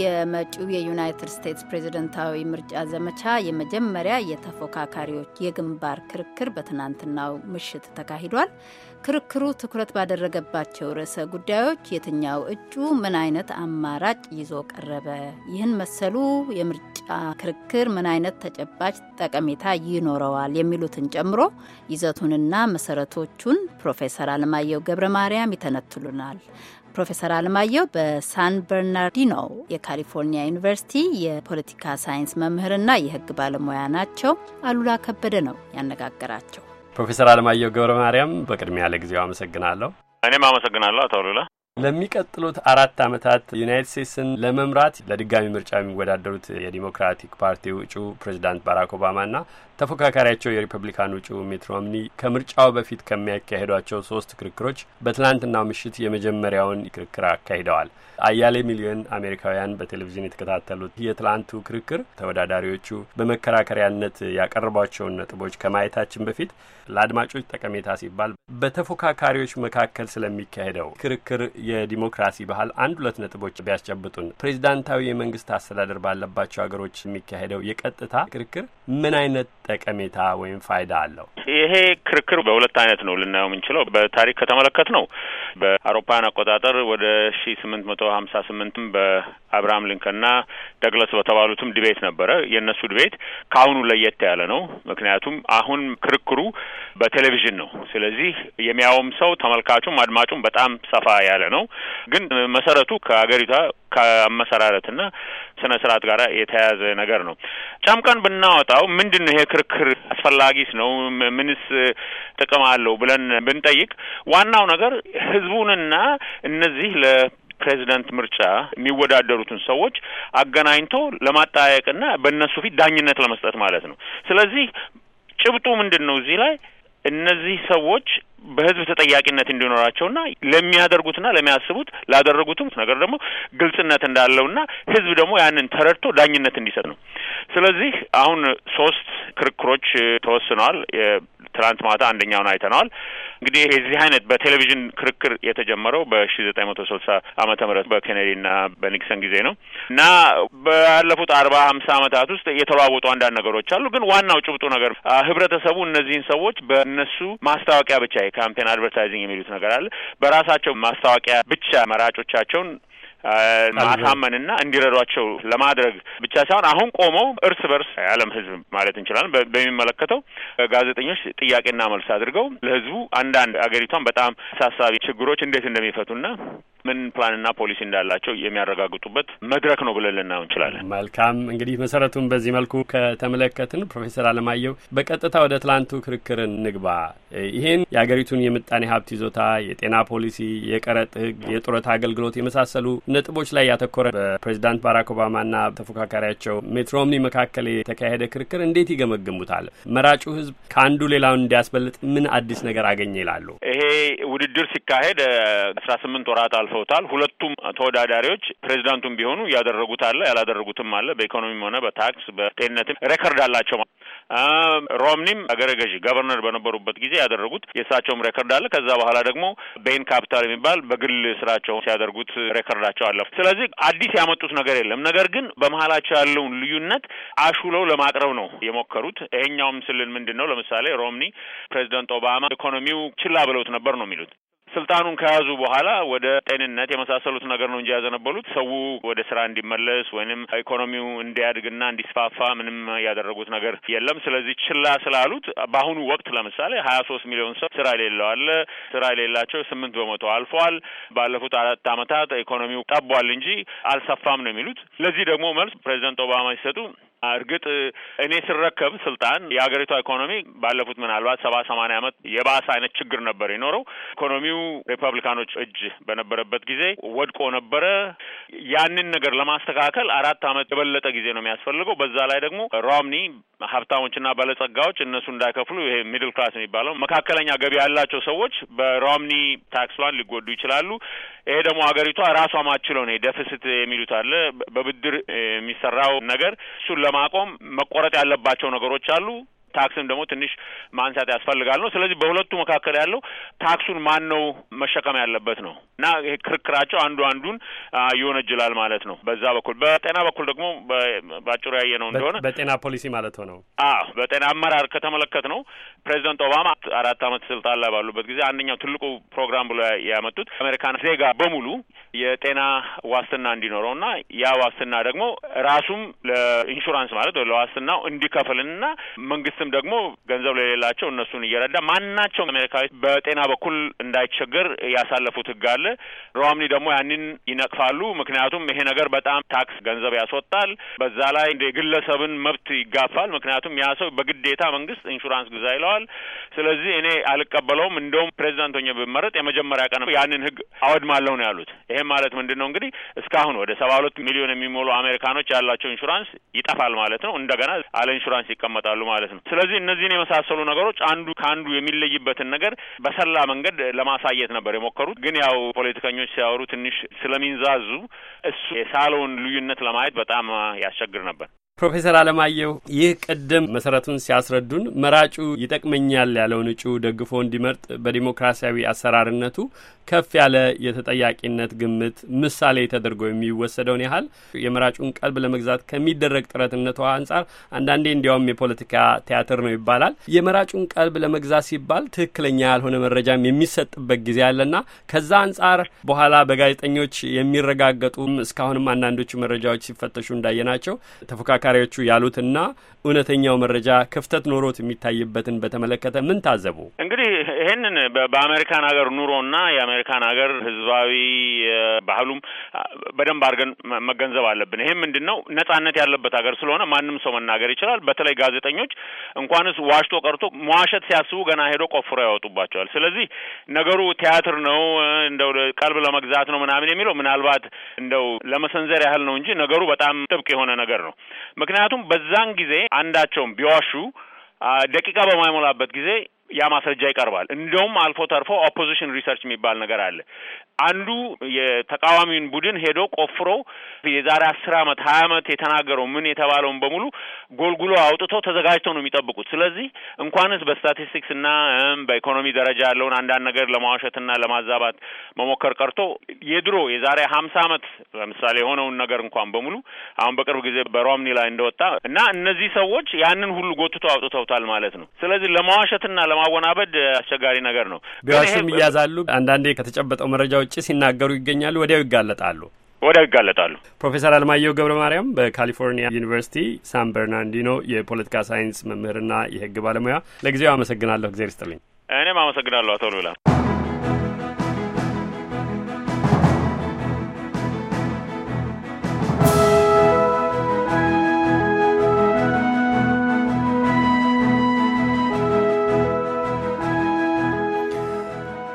የመጪው የዩናይትድ ስቴትስ ፕሬዝደንታዊ ምርጫ ዘመቻ የመጀመሪያ የተፎካካሪዎች የግንባር ክርክር በትናንትናው ምሽት ተካሂዷል። ክርክሩ ትኩረት ባደረገባቸው ርዕሰ ጉዳዮች የትኛው እጩ ምን አይነት አማራጭ ይዞ ቀረበ፣ ይህን መሰሉ የምርጫ የሚመጣ ክርክር ምን አይነት ተጨባጭ ጠቀሜታ ይኖረዋል የሚሉትን ጨምሮ ይዘቱንና መሰረቶቹን ፕሮፌሰር አለማየሁ ገብረ ማርያም ይተነትሉናል። ፕሮፌሰር አለማየሁ በሳን በርናርዲኖ የካሊፎርኒያ ዩኒቨርሲቲ የፖለቲካ ሳይንስ መምህርና የሕግ ባለሙያ ናቸው። አሉላ ከበደ ነው ያነጋገራቸው። ፕሮፌሰር አለማየሁ ገብረ ማርያም በቅድሚያ ለጊዜው አመሰግናለሁ። እኔም አመሰግናለሁ አቶ አሉላ። ለሚቀጥሉት አራት ዓመታት ዩናይት ስቴትስን ለመምራት ለድጋሚ ምርጫ የሚወዳደሩት የዲሞክራቲክ ፓርቲ እጩ ፕሬዚዳንት ባራክ ኦባማና ተፎካካሪያቸው የሪፐብሊካን እጩ ሚት ሮምኒ ከምርጫው በፊት ከሚያካሄዷቸው ሶስት ክርክሮች በትላንትናው ምሽት የመጀመሪያውን ክርክር አካሂደዋል። አያሌ ሚሊዮን አሜሪካውያን በቴሌቪዥን የተከታተሉት የትላንቱ ክርክር ተወዳዳሪዎቹ በመከራከሪያነት ያቀረቧቸውን ነጥቦች ከማየታችን በፊት ለአድማጮች ጠቀሜታ ሲባል በተፎካካሪዎች መካከል ስለሚካሄደው ክርክር የዲሞክራሲ ባህል አንድ ሁለት ነጥቦች ቢያስጨብጡን ፕሬዚዳንታዊ የመንግስት አስተዳደር ባለባቸው ሀገሮች የሚካሄደው የቀጥታ ክርክር ምን አይነት ጠቀሜታ ወይም ፋይዳ አለው? ይሄ ክርክር በሁለት አይነት ነው ልናየው የምንችለው። በታሪክ ከተመለከት ነው በአውሮፓን አቆጣጠር ወደ ሺ ስምንት መቶ ሀምሳ ስምንትም በአብርሃም ሊንከንና ደግለስ በተባሉትም ዲቤት ነበረ። የእነሱ ዲቤት ከአሁኑ ለየት ያለ ነው። ምክንያቱም አሁን ክርክሩ በቴሌቪዥን ነው። ስለዚህ የሚያውም ሰው ተመልካቹም አድማጩም በጣም ሰፋ ያለ ነው። ግን መሰረቱ ከሀገሪቷ ከአመሰራረትና ስነ ስርዓት ጋር የተያያዘ ነገር ነው። ጨምቀን ብናወጣው ምንድን ነው ይሄ ክርክር አስፈላጊስ ነው? ምንስ ጥቅም አለው ብለን ብንጠይቅ ዋናው ነገር ህዝቡንና እነዚህ ለ ፕሬዚደንት ምርጫ የሚወዳደሩትን ሰዎች አገናኝቶ ለማጠያየቅና በእነሱ ፊት ዳኝነት ለመስጠት ማለት ነው። ስለዚህ ጭብጡ ምንድን ነው? እዚህ ላይ እነዚህ ሰዎች በህዝብ ተጠያቂነት እንዲኖራቸውና ለሚያደርጉትና ለሚያስቡት ላደረጉትም ነገር ደግሞ ግልጽነት እንዳለውና ህዝብ ደግሞ ያንን ተረድቶ ዳኝነት እንዲሰጥ ነው። ስለዚህ አሁን ሶስት ክርክሮች ተወስነዋል። ትናንት ማታ አንደኛውን አይተነዋል። እንግዲህ የዚህ አይነት በቴሌቪዥን ክርክር የተጀመረው በሺ ዘጠኝ መቶ ስልሳ አመተ ምህረት ና በኒክሰን ጊዜ ነው እና ባለፉት አርባ ሀምሳ አመታት ውስጥ የተለዋወጡ አንዳንድ ነገሮች አሉ። ግን ዋናው ጭብጡ ነገር ህብረተሰቡ እነዚህን ሰዎች በእነሱ ማስታወቂያ ብቻ የካምፔን አድቨርታይዚንግ የሚሉት ነገር አለ በራሳቸው ማስታወቂያ ብቻ መራጮቻቸውን ማሳመንና እንዲረዷቸው ለማድረግ ብቻ ሳይሆን አሁን ቆመው እርስ በርስ የዓለም ሕዝብ ማለት እንችላለን በሚመለከተው ጋዜጠኞች ጥያቄና መልስ አድርገው ለሕዝቡ አንዳንድ አገሪቷን በጣም አሳሳቢ ችግሮች እንዴት እንደሚፈቱና ምን ፕላንና ፖሊሲ እንዳላቸው የሚያረጋግጡበት መድረክ ነው ብለን ልናየው እንችላለን። መልካም እንግዲህ መሰረቱን በዚህ መልኩ ከተመለከትን፣ ፕሮፌሰር አለማየሁ በቀጥታ ወደ ትላንቱ ክርክር እንግባ። ይህን የአገሪቱን የምጣኔ ሀብት ይዞታ፣ የጤና ፖሊሲ፣ የቀረጥ ህግ የጡረታ አገልግሎት የመሳሰሉ ነጥቦች ላይ ያተኮረ በፕሬዚዳንት ባራክ ኦባማና ተፎካካሪያቸው ሚት ሮምኒ መካከል የተካሄደ ክርክር እንዴት ይገመግሙታል? መራጩ ህዝብ ከአንዱ ሌላውን እንዲያስበልጥ ምን አዲስ ነገር አገኘ ይላሉ? ይሄ ውድድር ሲካሄድ አስራ ስምንት ወራት አልፈውታል። ሁለቱም ተወዳዳሪዎች ፕሬዚዳንቱም ቢሆኑ ያደረጉት አለ ያላደረጉትም አለ። በኢኮኖሚም ሆነ በታክስ በጤንነትም ሬከርድ አላቸው። ሮምኒም አገረ ገዢ ገቨርነር በነበሩበት ጊዜ ያደረጉት የእሳቸውም ሬከርድ አለ። ከዛ በኋላ ደግሞ ቤን ካፒታል የሚባል በግል ስራቸው ሲያደርጉት ሬከርዳቸው አለ። ስለዚህ አዲስ ያመጡት ነገር የለም። ነገር ግን በመሀላቸው ያለውን ልዩነት አሹለው ለማቅረብ ነው የሞከሩት። ይሄኛውም ስልል ምንድን ነው? ለምሳሌ ሮምኒ ፕሬዚደንት ኦባማ ኢኮኖሚው ችላ ብለውት ነበር ነው የሚሉት። ስልጣኑን ከያዙ በኋላ ወደ ጤንነት የመሳሰሉት ነገር ነው እንጂ ያዘነበሉት ሰው ወደ ስራ እንዲመለስ ወይንም ኢኮኖሚው እንዲያድግና እንዲስፋፋ ምንም ያደረጉት ነገር የለም። ስለዚህ ችላ ስላሉት በአሁኑ ወቅት ለምሳሌ ሀያ ሶስት ሚሊዮን ሰው ስራ የሌለው አለ። ስራ የሌላቸው ስምንት በመቶ አልፏል። ባለፉት አራት ዓመታት ኢኮኖሚው ጠቧል እንጂ አልሰፋም ነው የሚሉት። ለዚህ ደግሞ መልስ ፕሬዚደንት ኦባማ ሲሰጡ እርግጥ እኔ ስረከብ ስልጣን የሀገሪቷ ኢኮኖሚ ባለፉት ምናልባት ሰባ ሰማንያ ዓመት የባሰ አይነት ችግር ነበር የኖረው። ኢኮኖሚው ሪፐብሊካኖች እጅ በነበረበት ጊዜ ወድቆ ነበረ። ያንን ነገር ለማስተካከል አራት ዓመት የበለጠ ጊዜ ነው የሚያስፈልገው። በዛ ላይ ደግሞ ሮምኒ ሀብታሞችና ባለጸጋዎች እነሱ እንዳይከፍሉ ይሄ ሚድል ክላስ የሚባለው መካከለኛ ገቢ ያላቸው ሰዎች በሮምኒ ታክስ ላን ሊጎዱ ይችላሉ። ይሄ ደግሞ ሀገሪቷ ራሷ ማችለው ነው ደፍስት የሚሉት አለ በብድር የሚሰራው ነገር እሱን ለማቆም መቆረጥ ያለባቸው ነገሮች አሉ። ታክስም ደግሞ ትንሽ ማንሳት ያስፈልጋል ነው። ስለዚህ በሁለቱ መካከል ያለው ታክሱን ማን ነው መሸከም ያለበት ነው እና ይሄ ክርክራቸው አንዱ አንዱን ይወነጅላል ማለት ነው። በዛ በኩል በጤና በኩል ደግሞ በአጭሩ ያየ ነው እንደሆነ በጤና ፖሊሲ ማለት ነው። አዎ፣ በጤና አመራር ከተመለከት ነው ፕሬዚደንት ኦባማ አራት አመት ስልጣን ላይ ባሉበት ጊዜ አንደኛው ትልቁ ፕሮግራም ብሎ ያመጡት አሜሪካን ዜጋ በሙሉ የጤና ዋስትና እንዲኖረው እንዲኖረውና ያ ዋስትና ደግሞ ራሱም ለኢንሹራንስ ማለት ወይ ለዋስትናው እንዲከፍልና መንግስትም ደግሞ ገንዘብ ለሌላቸው እነሱን እየረዳ ማናቸውም አሜሪካዊ በጤና በኩል እንዳይቸገር ያሳለፉት ህግ አለ። ሮምኒ ደግሞ ያንን ይነቅፋሉ። ምክንያቱም ይሄ ነገር በጣም ታክስ ገንዘብ ያስወጣል፣ በዛ ላይ እንደ ግለሰብን መብት ይጋፋል። ምክንያቱም ያ ሰው በግዴታ መንግስት ኢንሹራንስ ግዛ ይለዋል። ስለዚህ እኔ አልቀበለውም። እንደውም ፕሬዚዳንት ሆኜ ብመረጥ የመጀመሪያ ቀን ያንን ህግ አወድማለሁ ነው ያሉት። ይህም ማለት ምንድን ነው እንግዲህ እስካሁን ወደ ሰባ ሁለት ሚሊዮን የሚሞሉ አሜሪካኖች ያላቸው ኢንሹራንስ ይጠፋል ማለት ነው። እንደገና አለ ኢንሹራንስ ይቀመጣሉ ማለት ነው። ስለዚህ እነዚህን የመሳሰሉ ነገሮች አንዱ ከአንዱ የሚለይበትን ነገር በሰላ መንገድ ለማሳየት ነበር የሞከሩት። ግን ያው ፖለቲከኞች ሲያወሩ ትንሽ ስለሚንዛዙ እሱ የሳለውን ልዩነት ለማየት በጣም ያስቸግር ነበር። ፕሮፌሰር አለማየሁ ይህ ቅድም መሰረቱን ሲያስረዱን መራጩ ይጠቅመኛል ያለውን እጩ ደግፎ እንዲመርጥ በዲሞክራሲያዊ አሰራርነቱ ከፍ ያለ የተጠያቂነት ግምት ምሳሌ ተደርጎ የሚወሰደውን ያህል የመራጩን ቀልብ ለመግዛት ከሚደረግ ጥረትነቱ አንጻር አንዳንዴ እንዲያውም የፖለቲካ ቲያትር ነው ይባላል። የመራጩን ቀልብ ለመግዛት ሲባል ትክክለኛ ያልሆነ መረጃም የሚሰጥበት ጊዜ አለና ከዛ አንጻር በኋላ በጋዜጠኞች የሚረጋገጡም እስካሁንም አንዳንዶቹ መረጃዎች ሲፈተሹ ናቸው ተፎካካ አሽከርካሪዎቹ ያሉትና እውነተኛው መረጃ ክፍተት ኖሮት የሚታይበትን በተመለከተ ምን ታዘቡ? ይህንን በአሜሪካን ሀገር ኑሮና የአሜሪካን ሀገር ህዝባዊ ባህሉም በደንብ አድርገን መገንዘብ አለብን። ይህም ምንድን ነው ነጻነት ያለበት ሀገር ስለሆነ ማንም ሰው መናገር ይችላል። በተለይ ጋዜጠኞች እንኳንስ ዋሽቶ ቀርቶ መዋሸት ሲያስቡ ገና ሄዶ ቆፍሮ ያወጡባቸዋል። ስለዚህ ነገሩ ቲያትር ነው እንደው ቀልብ ለመግዛት ነው ምናምን የሚለው ምናልባት እንደው ለመሰንዘር ያህል ነው እንጂ ነገሩ በጣም ጥብቅ የሆነ ነገር ነው። ምክንያቱም በዛን ጊዜ አንዳቸውም ቢዋሹ ደቂቃ በማይሞላበት ጊዜ ያ ማስረጃ ይቀርባል። እንደውም አልፎ ተርፎ ኦፖዚሽን ሪሰርች የሚባል ነገር አለ። አንዱ የተቃዋሚውን ቡድን ሄዶ ቆፍሮ የዛሬ አስር አመት ሀያ አመት የተናገረው ምን የተባለውን በሙሉ ጎልጉሎ አውጥቶ ተዘጋጅተው ነው የሚጠብቁት። ስለዚህ እንኳንስ በስታቲስቲክስ እና በኢኮኖሚ ደረጃ ያለውን አንዳንድ ነገር ለማዋሸትና ለማዛባት መሞከር ቀርቶ የድሮ የዛሬ ሀምሳ አመት ለምሳሌ የሆነውን ነገር እንኳን በሙሉ አሁን በቅርብ ጊዜ በሮምኒ ላይ እንደወጣ እና እነዚህ ሰዎች ያንን ሁሉ ጎትቶ አውጥተውታል ማለት ነው። ስለዚህ ለማዋሸትና ለማወናበድ አስቸጋሪ ነገር ነው። ቢዋሹም እያዛሉ አንዳንዴ ከተጨበጠው መረጃ ውጭ ሲናገሩ ይገኛሉ። ወዲያው ይጋለጣሉ ወዲያው ይጋለጣሉ። ፕሮፌሰር አለማየሁ ገብረ ማርያም በካሊፎርኒያ ዩኒቨርሲቲ ሳን በርናንዲኖ የፖለቲካ ሳይንስ መምህርና የህግ ባለሙያ፣ ለጊዜው አመሰግናለሁ። እግዜር ይስጥልኝ። እኔም አመሰግናለሁ አቶ ሉላ።